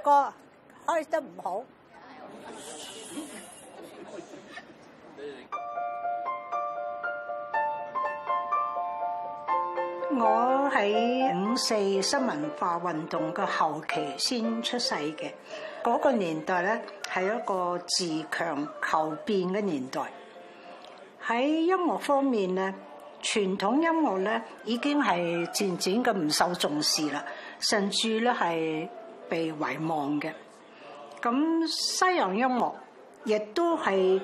歌開得唔好。我喺五四新文化運動嘅後期先出世嘅，嗰個年代咧係一個自強求變嘅年代。喺音樂方面咧，傳統音樂咧已經係漸漸噉唔受重視啦，甚至咧係，被遺忘嘅，咁西洋音樂亦都係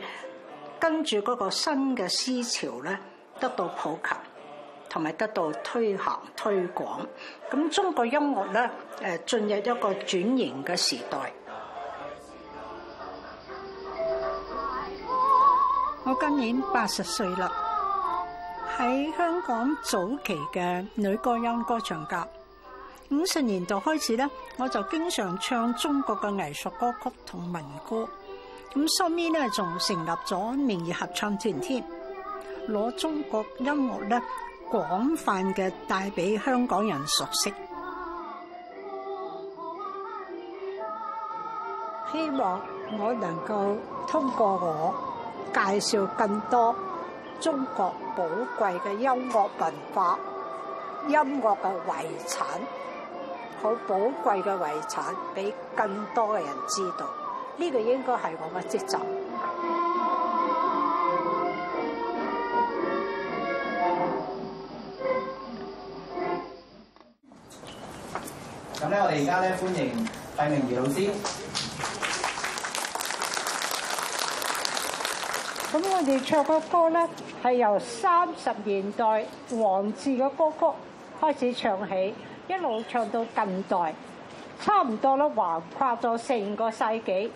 跟住嗰個新嘅思潮咧，得到普及同埋得到推行推廣。咁中國音樂咧，誒進入一個轉型嘅時代。我今年八十歲啦，喺香港早期嘅女高音歌唱家。五十年代開始咧，我就經常唱中國嘅藝術歌曲同民歌。咁收尾咧仲成立咗明儀合唱團添，攞中國音樂咧廣泛嘅帶俾香港人熟悉。希望我能夠通過我介紹更多中國寶貴嘅音樂文化、音樂嘅遺產。好寶貴嘅遺產，俾更多嘅人知道，呢、這個應該係我嘅職責。咁咧，我哋而家咧歡迎費明儀老師。咁我哋唱嘅歌咧，係由三十年代黃自嘅歌曲開始唱起。一路唱到近代，差唔多啦，橫跨咗成個世紀。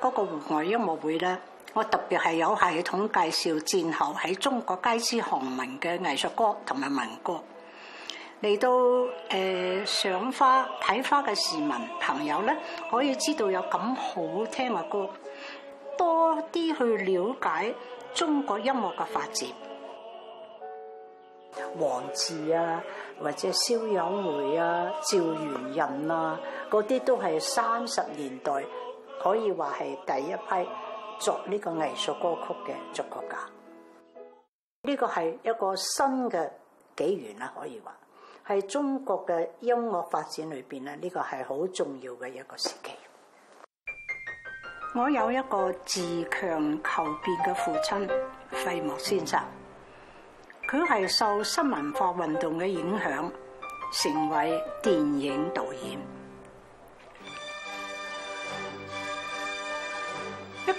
嗰個戶外音樂會咧，我特別係有系統介紹戰後喺中國街知巷聞嘅藝術歌同埋民歌，嚟到誒、呃、賞花睇花嘅市民朋友咧，可以知道有咁好聽嘅歌，多啲去了解中國音樂嘅發展。黃自啊，或者蕭友梅啊、趙元任啊，嗰啲都係三十年代。可以話係第一批作呢個藝術歌曲嘅作曲家，呢個係一個新嘅紀元啦。可以話係中國嘅音樂發展裏邊咧，呢個係好重要嘅一個時期。我有一個自強求變嘅父親費穆先生，佢係受新文化運動嘅影響，成為電影導演。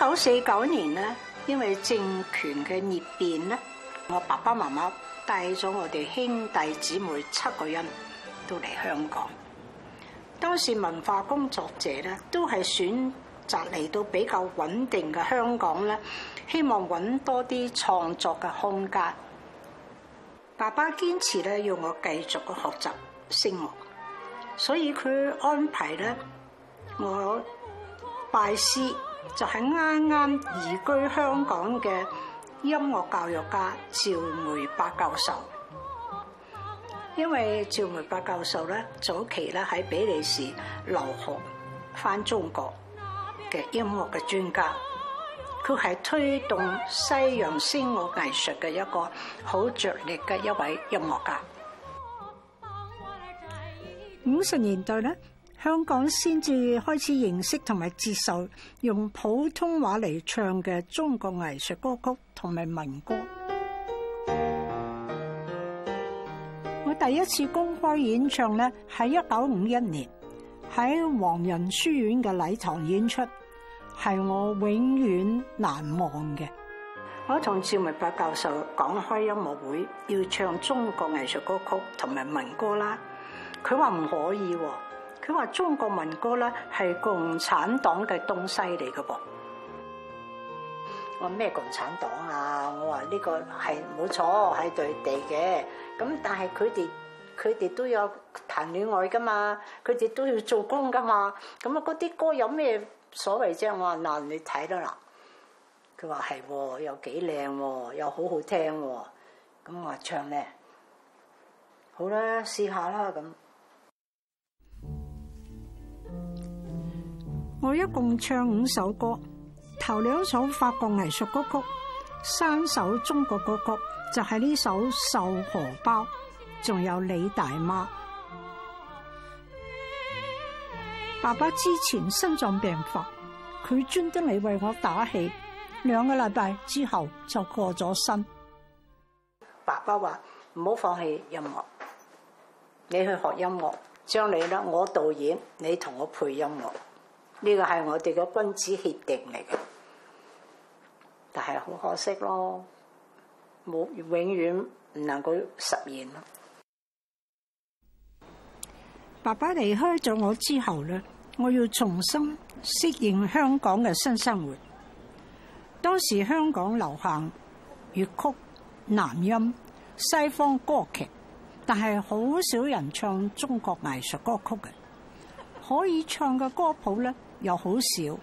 一九四九年咧，因為政權嘅逆變咧，我爸爸媽媽帶咗我哋兄弟姊妹七個人都嚟香港。當時文化工作者咧都係選擇嚟到比較穩定嘅香港咧，希望揾多啲創作嘅空間。爸爸堅持咧要我繼續學習聲樂，所以佢安排咧我拜師。就係啱啱移居香港嘅音樂教育家趙梅伯教授，因為趙梅伯教授咧早期咧喺比利時留學，翻中國嘅音樂嘅專家，佢係推動西洋聲樂藝術嘅一個好著力嘅一位音樂家。五十年代咧～香港先至開始認識同埋接受用普通話嚟唱嘅中國藝術歌曲同埋民歌。我第一次公開演唱咧，喺一九五一年喺黃仁書院嘅禮堂演出，係我永遠難忘嘅。我同趙梅白教授講開音樂會要唱中國藝術歌曲同埋民歌啦，佢話唔可以喎。佢話中國民歌咧係共產黨嘅東西嚟噶噃，我話咩共產黨啊？我話呢個係冇錯係對地嘅，咁但係佢哋佢哋都有談戀愛噶嘛，佢哋都要做工噶嘛，咁啊嗰啲歌有咩所謂啫？我話嗱你睇啦嗱，佢話係喎，又幾靚喎，又好好聽喎，咁我話唱咧，好啦試下啦咁。我一共唱五首歌，頭兩首法國藝術歌曲，三首中國歌曲，就係、是、呢首《繡荷包》，仲有《李大媽》。爸爸之前心臟病發，佢專登嚟為我打氣。兩個禮拜之後就過咗身。爸爸話唔好放棄音樂，你去學音樂，將你啦，我導演，你同我配音樂。呢個係我哋嘅君子協定嚟嘅，但係好可惜咯，冇，永遠唔能夠實現咯。爸爸離開咗我之後咧，我要重新適應香港嘅新生活。當時香港流行粵曲、南音、西方歌劇，但係好少人唱中國藝術歌曲嘅，可以唱嘅歌譜咧。又好少，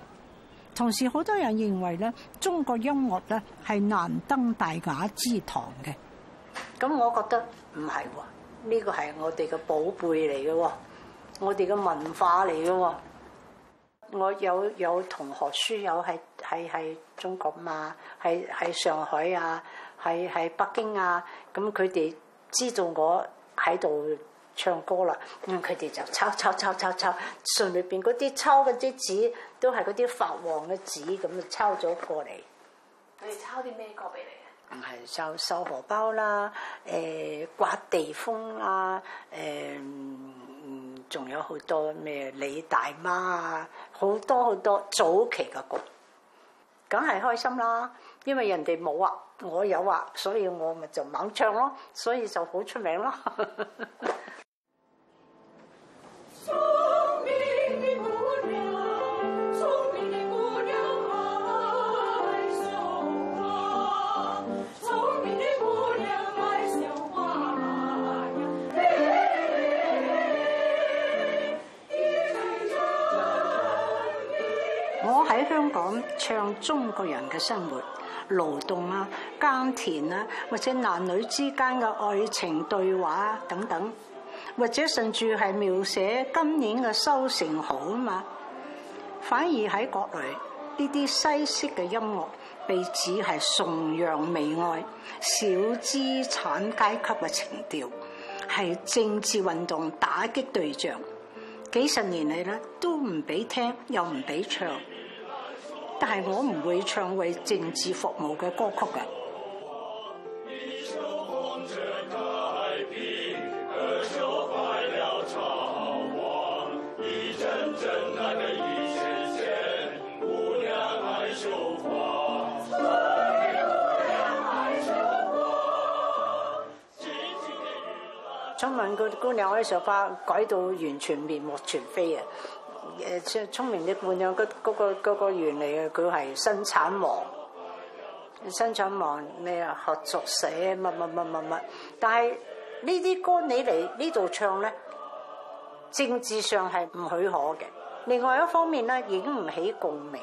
同時好多人認為咧，中國音樂咧，係難登大雅之堂嘅。咁我覺得唔係喎，呢個係我哋嘅寶貝嚟嘅喎，我哋嘅文化嚟嘅喎。我有有同學書友喺喺喺中國嘛，喺喺上海啊，喺喺北京啊，咁佢哋知道我喺度。唱歌啦，咁佢哋就抄抄抄抄抄，信裏邊嗰啲抄嘅啲紙都係嗰啲發黃嘅紙，咁就抄咗過嚟。佢哋抄啲咩歌俾你啊？唔係，就繡荷包啦，誒、呃、刮地風啦，誒、呃，仲有好多咩李大媽啊，好多好多早期嘅歌，梗係開心啦。因為人哋冇啊，我有啊，所以我咪就猛唱咯，所以就好出名咯。 唱中國人嘅生活、勞動啊、耕田啊，或者男女之間嘅愛情對話、啊、等等，或者甚至係描寫今年嘅收成好嘛。反而喺國內呢啲西式嘅音樂被指係崇洋媚外、小資產階級嘅情調，係政治運動打擊對象。幾十年嚟咧都唔俾聽，又唔俾唱。但係我唔會唱為政治服務嘅歌曲嘅。嗯、的一古嘅姑娘，娘愛繡花改到完全面目全非啊！即係聰明啲伴娘。嗰、嗰個、嗰個嗰個源嚟嘅，佢係生產忙，生產忙，你啊合作社，乜乜乜乜乜，但係呢啲歌你嚟呢度唱咧，政治上係唔許可嘅。另外一方面咧，已經唔起共鳴，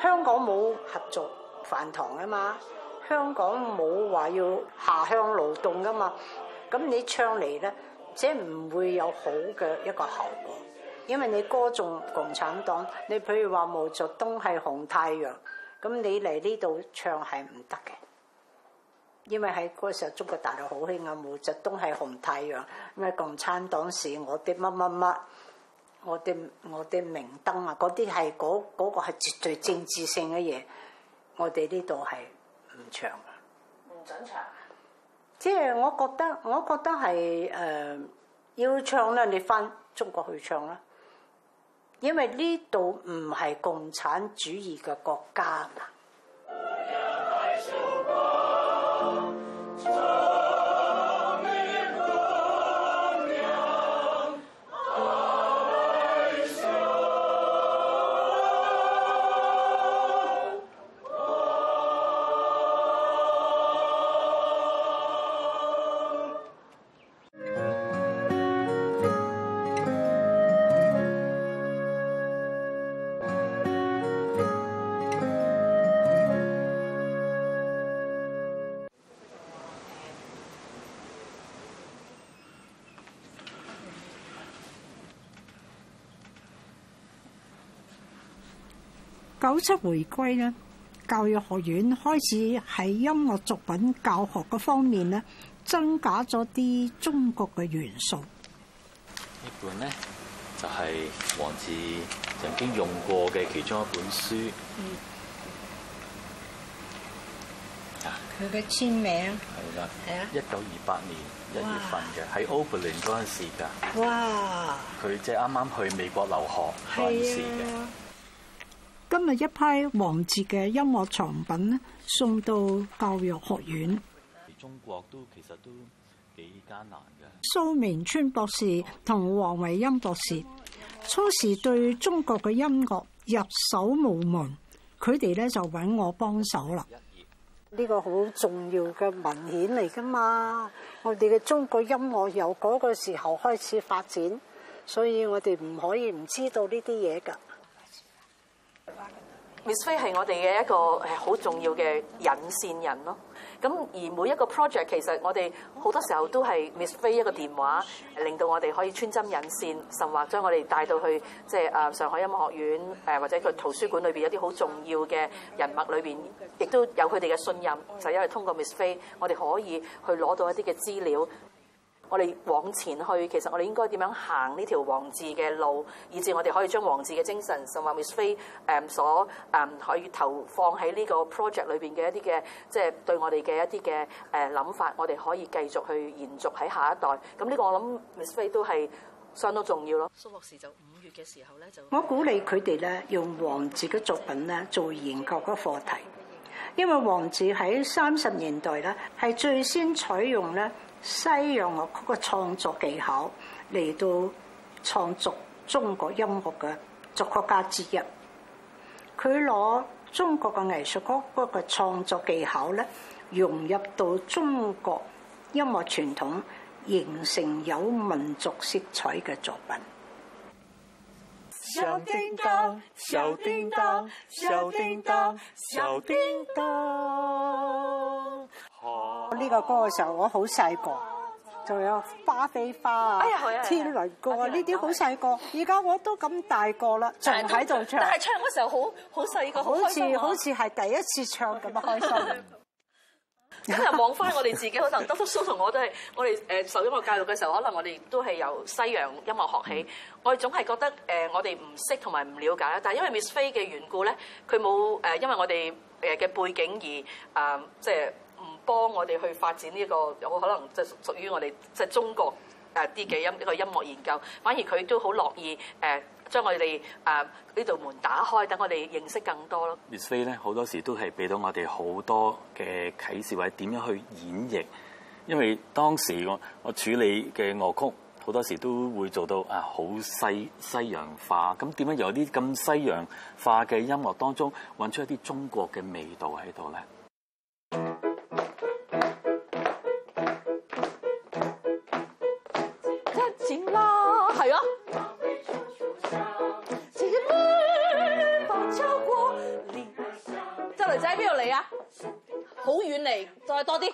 香港冇合作飯堂啊嘛，香港冇話要下鄉勞動啊嘛，咁你唱嚟咧，即係唔會有好嘅一個效果。因為你歌頌共產黨，你譬如話毛澤東係紅太陽，咁你嚟呢度唱係唔得嘅。因為喺嗰時候，中國大陸好興啊，毛澤東係紅太陽，咩共產黨是我啲乜乜乜，我哋我哋明燈啊，嗰啲係嗰嗰個係絕對政治性嘅嘢，我哋呢度係唔唱。唔準唱？即係我覺得，我覺得係誒、呃，要唱咧，你翻中國去唱啦。因為呢度唔係共產主義嘅國家啊！九七回歸咧，教育學院開始喺音樂作品教學方面咧，增加咗啲中國嘅元素。呢本呢，就係黃自曾經用過嘅其中一本書。佢嘅、嗯、看簽名。係啦的。係啊看。一九二八年一月份嘅，喺歐柏林嗰陣時㗎。哇。佢哇即係啱啱去美國留學嗰陣時嘅。今日一批王哲嘅音樂藏品送到教育學院。中國都其實都幾艱難嘅。蘇明川博士同黃維音博士初時對中國嘅音樂入手無門，佢哋咧就揾我幫手啦。呢個好重要嘅文獻嚟噶嘛！我哋嘅中國音樂由嗰個時候開始發展，所以我哋唔可以唔知道呢啲嘢噶。Miss Fei 係我哋嘅一個誒好重要嘅引線人咯。咁而每一個 project 其實我哋好多時候都係 Miss Fei 一個電話，令到我哋可以穿針引線，甚或將我哋帶到去即係啊上海音樂學院誒或者佢圖書館裏邊有啲好重要嘅人物裏邊，亦都有佢哋嘅信任。就因為通過 Miss Fei，我哋可以去攞到一啲嘅資料。我哋往前去，其實我哋應該點樣行呢條黃自嘅路，以至我哋可以將黃自嘅精神，甚至 Miss 費誒所誒、嗯、可以投放喺呢個 project 裏邊嘅一啲嘅，即係對我哋嘅一啲嘅誒諗法，我哋可以繼續去延續喺下一代。咁呢個我諗 Miss 費都係相當重要咯。蘇博士就五月嘅時候咧，就我鼓勵佢哋咧用黃自嘅作品咧做研究嘅課題，因為黃自喺三十年代咧係最先採用咧。西洋樂曲嘅創作技巧嚟到創作中國音樂嘅作曲家之一，佢攞中國嘅藝術歌曲嗰個創作技巧咧，融入到中國音樂傳統，形成有民族色彩嘅作品。小叮噹，叮噹，叮噹，叮噹。小丁當呢個歌嘅時候我很小，我好細個，仲有花非花，哎呀，啊、天倫歌啊，呢啲好細個。而家我都咁大個啦，仲喺度唱。但係唱嗰時候，好好細個，好似好似係第一次唱咁開心。今日望翻我哋自己，可能都都叔同我都係，我哋誒受音樂教育嘅時候，可能我哋都係由西洋音樂學起。我哋總係覺得誒，我哋唔識同埋唔了解啦。但係因為 Miss 菲嘅緣故咧，佢冇誒，因為我哋誒嘅背景而啊，即、呃、係。就是幫我哋去發展呢、這、一個有可能即係屬屬於我哋即係中國誒啲嘅音一個音樂研究，反而佢都好樂意誒、呃、將我哋誒呢道門打開，等我哋認識更多咯。Miss 費咧好多時候都係俾到我哋好多嘅啟示，或者點樣去演繹。因為當時我我處理嘅樂曲好多時候都會做到啊好西西洋化，咁點樣由啲咁西洋化嘅音樂當中揾出一啲中國嘅味道喺度咧？多啲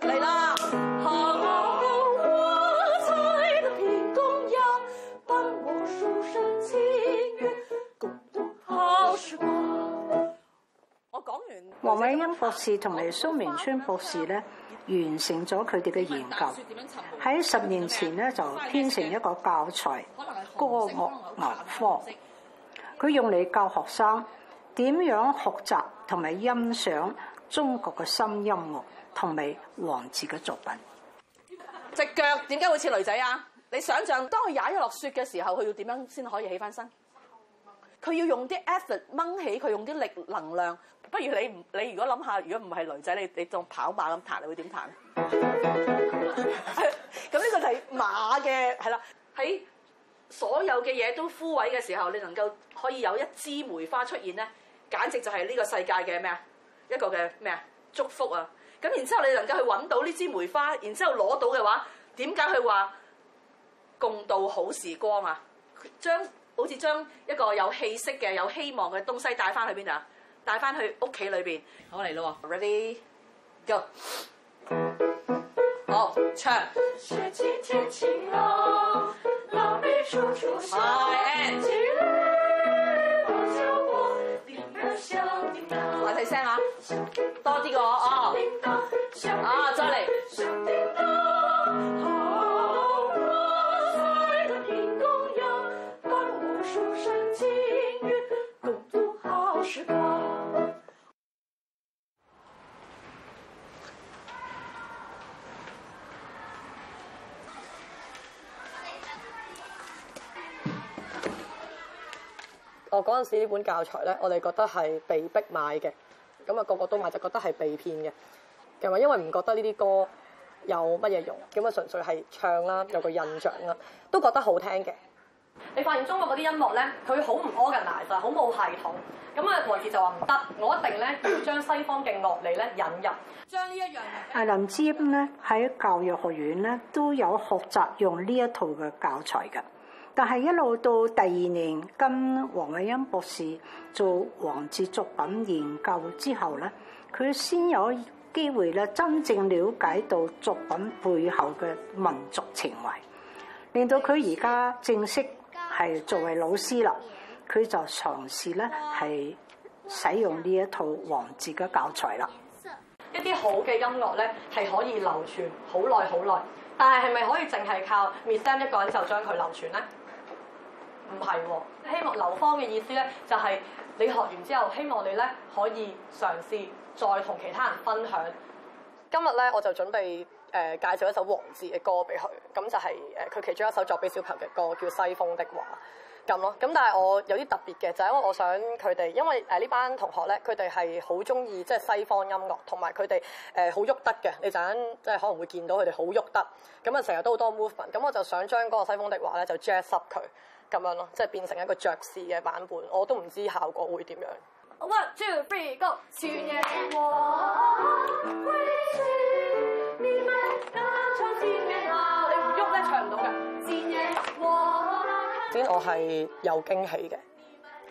嚟啦！好，我採了天空呀，幫我數上青雲，共度好時光。我講完，黃美音博士同埋蘇明川博士咧，完成咗佢哋嘅研究喺十年前咧，就編成一個教材《歌樂牛科》，佢用嚟教學生點樣學習同埋欣賞。中國嘅新音樂同埋黃自嘅作品，隻腳點解會似女仔啊？你想象當佢踩咗落雪嘅時候，佢要點樣先可以起翻身？佢要用啲 effort 掹起，佢用啲力能量。不如你唔你如果諗下，如果唔係女仔，你你當跑馬咁彈，你會點彈咧？咁呢 個就係馬嘅係啦。喺 所有嘅嘢都枯萎嘅時候，你能夠可以有一枝梅花出現咧，簡直就係呢個世界嘅咩啊？一個嘅咩啊祝福啊，咁然之後你能夠去揾到呢支梅花，然之後攞到嘅話，點解佢話共度好時光啊？將好似將一個有氣息嘅、有希望嘅東西帶翻去邊度啊？帶翻去屋企裏邊。好，我嚟咯喎 Ready go！好，Check。唱聲啊，多啲個哦，啊，再嚟。我嗰陣時呢本教材咧，我哋覺得係被迫買嘅。咁啊，個個都話就覺得係被騙嘅，又話因為唔覺得呢啲歌有乜嘢用，咁啊純粹係唱啦，有個印象啦，都覺得好聽嘅。你發現中國嗰啲音樂咧，佢好唔 organize，好冇系統。咁啊，黃傑就話唔得，我一定咧要將西方嘅樂理咧引入，將呢一樣。誒林芝咧喺教育學院咧都有學習用呢一套嘅教材㗎。但係一路到第二年跟黃偉欣博士做黃自作品研究之後咧，佢先有機會咧真正了解到作品背後嘅民族情懷，令到佢而家正式係作為老師啦，佢就嘗試咧係使用呢一套黃自嘅教材啦。一啲好嘅音樂咧係可以流傳好耐好耐，但係係咪可以淨係靠 Miss Sam 一個人就將佢流傳咧？唔係喎，希望劉芳嘅意思咧就係你學完之後，希望你咧可以嘗試再同其他人分享。今日咧我就準備誒介紹一首黃自嘅歌俾佢，咁就係誒佢其中一首作俾小朋友嘅歌，叫《西風的話》咁咯。咁但係我有啲特別嘅，就係、因為我想佢哋，因為誒呢班同學咧，佢哋係好中意即係西方音樂，同埋佢哋誒好喐得嘅，你陣間即係可能會見到佢哋好喐得咁啊，成日都好多 movement。咁我就想將嗰個《西風的話》咧就 jazz up 佢。咁樣咯，即係變成一個爵士嘅版本，我都唔知效果會點樣。One two three go，全人和。Crazy，我係有驚喜嘅，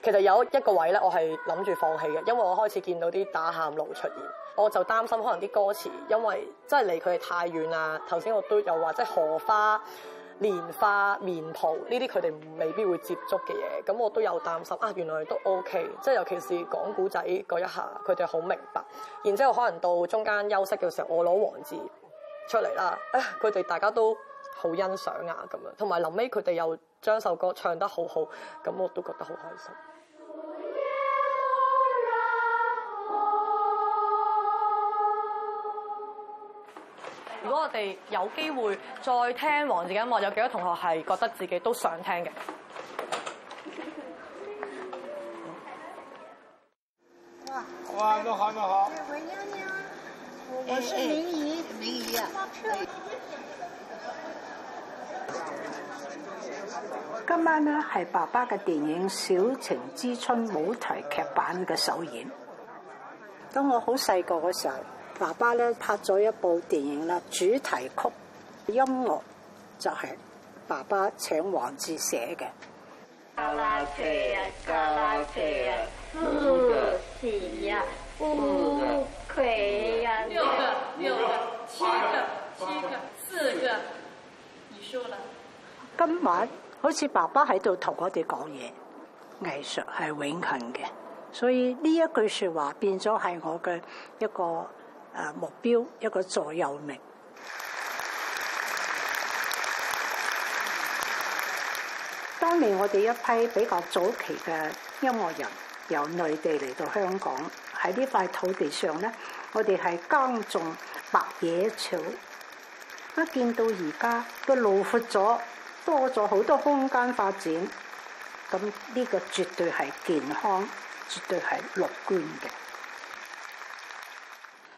其實有一個位咧，我係諗住放棄嘅，因為我開始見到啲打喊路出現，我就擔心可能啲歌詞因為真係離佢哋太遠啦。頭先我都有話，即係荷花。蓮花、棉袍呢啲佢哋未必會接觸嘅嘢，咁我都有擔心啊。原來都 OK，即係尤其是講古仔嗰一下，佢哋好明白。然之後可能到中間休息嘅時候，我攞王字出嚟啦，啊，佢哋大家都好欣賞啊咁樣。同埋臨尾佢哋又將首歌唱得好好，咁我都覺得好開心。如果我哋有機會再聽黃子欣，我有幾多同學係覺得自己都想聽嘅？哇！哇！你好，你好。我係我姨。梅姨啊！今晚咧係爸爸嘅電影《小情之春》舞台劇版嘅首演。當我好細個嗰時候。爸爸咧拍咗一部電影啦，主題曲音樂就係、是、爸爸請王智寫嘅。阿拉嘿呀，阿拉嘿呀，四個四六個六個，七個七個，四個。你輸了。今晚好似爸爸喺度同我哋講嘢，藝術係永恆嘅，所以呢一句說話變咗係我嘅一個。誒目標一個座右銘。當年我哋一批比較早期嘅音樂人由內地嚟到香港，喺呢塊土地上咧，我哋係耕種白野草。一見到而家佢路闊咗，多咗好多空間發展，咁呢個絕對係健康，絕對係樂觀嘅。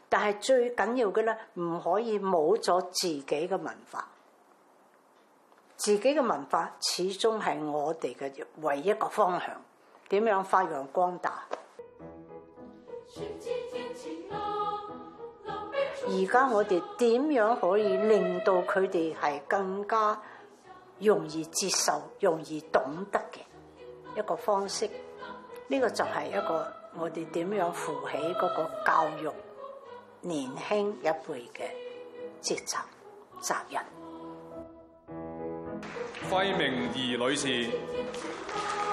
但係最緊要嘅咧，唔可以冇咗自己嘅文化。自己嘅文化始終係我哋嘅唯一個方向。點樣發揚光大？而家我哋點樣可以令到佢哋係更加容易接受、容易懂得嘅一個方式？呢個就係一個我哋點樣扶起嗰個教育。年輕一輩嘅職責責任，費明儀女士。